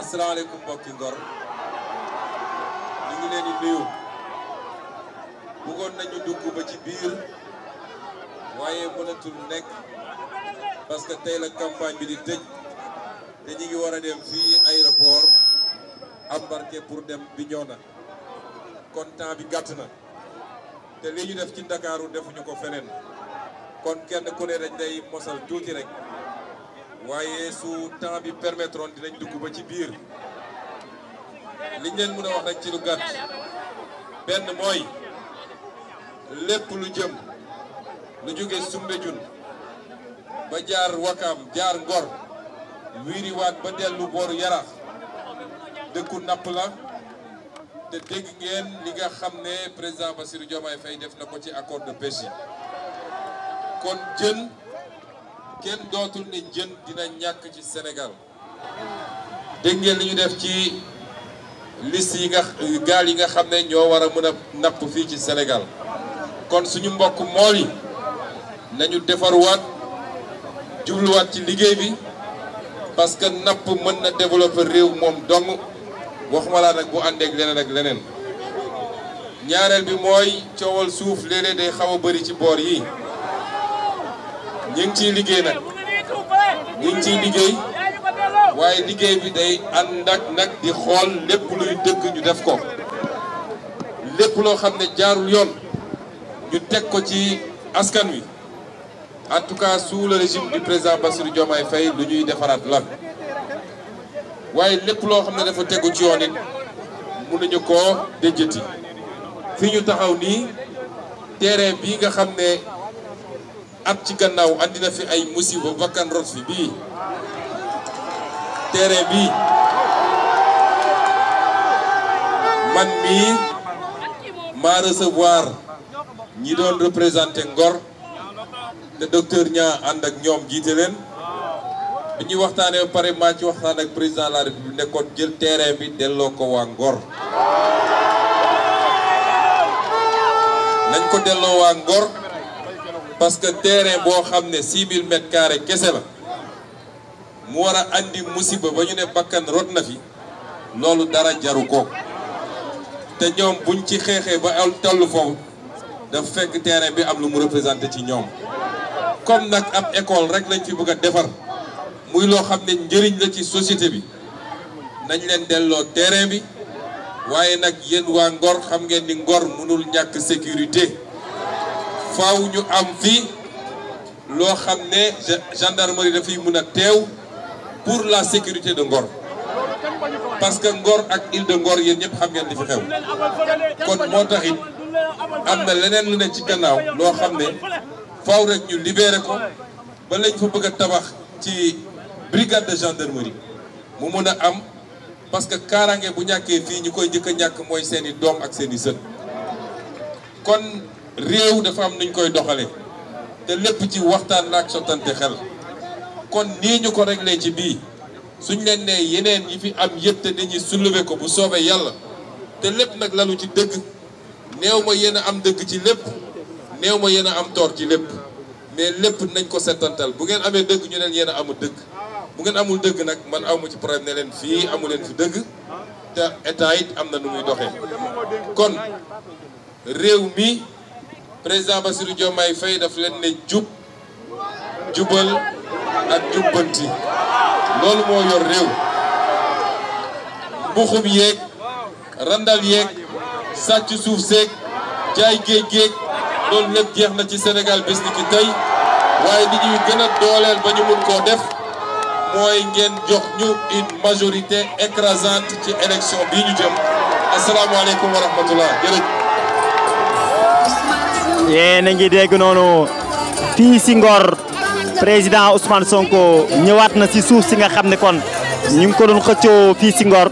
asalaamaaleykum mbokki Ngor ñu ngi leen di nuyu bëggoon nañu dugg ba ci biir waaye mënatul nekk parce que tey la campagne bi di tëj te ñu ngi war a dem fii aéroport embarqué pour dem bi Bignona kon temps bi gàtt na te li ñu def ci Ndakaaru defuñu ko feneen kon kenn ku ne dañ day mosal tuuti rek waaye su temps bi permettroon dinañ dugg ba ci biir li leen mën a wax rek ci lu gàtt benn mooy lépp lu jëm lu jóge Soumbédioune ba jaar Wakaam jaar Ngor wiiriwaat ba dellu booru Yarax dëkku napp la te dégg ngeen li nga xam ne président Bassirou Diomaye Faye def na ko ci accord de pêche yi kon jën kenn dootul ne jën dina ñàkk ci senegal dégg ngeen li ñu def ci list yi nga gaal yi nga xam ne ñoo war a mën a napp fii ci senegal kon suñu mbokk mool yi nañu defaruwaat jubluwaat ci liggéey bi parce que napp mën na développer réew moom dong waxuma laa nag bu àndeek leneen ak leneen ñaareel bi mooy coowal suuf léeg-léeg day xaw a bëri ci boor yi ñu ngi ciy liggéey nag ñu ngi ciy liggéey waaye liggéey bi day ànd ak nag di xool lépp luy dëgg ñu def ko lépp loo xam ne jaarul yoon ñu teg ko ci askan wi en tout cas sous le régime du président Bassirou Diomaye Faye lu ñuy defaraat lan waaye lépp loo xam ne dafa tegu ci yoon it mënuñu koo déjjati fi ñu taxaw nii terrain bii nga xam ne at ci gannaaw àndina fi ay musiba bakkan rot fi bii terrain bii man mii maa recevoir ñi doon représenté Ngor te docteur Niang ànd ak ñoom jiite leen bi ñuy waxtaanee ba pare maa ci waxtaan ak président de la république nekkoon jël terrain bi delloo ko waa Ngor nañ ko delloo waa Ngor parce que terrain boo xam ne 6000 mètres carrés kese la mu war a andi musiba ba ñu ne bakkan rot na fi loolu dara jaru ko te ñoom buñ ci xeexee ba al toll foofu daf fekk terrain bi am lu mu représenté ci ñoom comme nag ab école rek lañ fi bëgg a defar muy loo xam ne njëriñ la ci société bi nañ leen delloo terrain bi waaye nag yéen waa Ngor xam ngeen ni Ngor mënul ñàkk sécurité faaw ñu am fi loo xam ne gendarmerie dafay mun a teew pour la sécurité de Ngor parce que Ngor ak île de Ngor yéen ñëpp xam ngeen li fi xew kon moo tax it am na leneen lu ne ci kannaaw loo xam ne faaw rek ñu libéré ko ba lañ fa bëgg a tabax ci brigade de gendarmerie mu mun a am parce que kaaraange bu ñàkkee fii ñu koy njëkk a ñàkk mooy seeni doom ak seeni sët kon réew dafa am nuñ koy doxale te lépp ci waxtaan la ak sottante xel kon nii ñu ko réglé ci bii suñ leen nee yeneen yi fi am yëpp te dañuy soulever ko bu soobee yàlla te lépp nag lalu ci dëgg néew ma yéen a am dëgg ci lépp néew ma yéen am tort ci lépp mais lépp nañ ko settantal bu ngeen amee dëgg ñu leen yéen a amul dëgg bu ngeen amul dëgg nag man amu ci problème ne leen fii amu leen fi dëgg te état it am na nu muy doxee kon réew mi président Bassirou Diomaye Faye daf leen ne jub jubal ak jubbanti loolu moo yor réew buxum yeeg randal yeeg sàcc suuf seeg jaay géej géej loolu lépp jeex na ci Sénégal bis ni ci tey waaye li ñuy gën a dooleel ba ñu mun koo def mooy ngeen jox ñu une majorité écrasante ci élection bii ñu jëm asalaamaaleykum wa rahmatullah jërëjëf yéen na ngi dégg noonu fii si ngoor président Ousmane Sonko ñëwaat na si suuf si nga xam ne kon ñu ngi ko doon xëccoo fii si Ngor.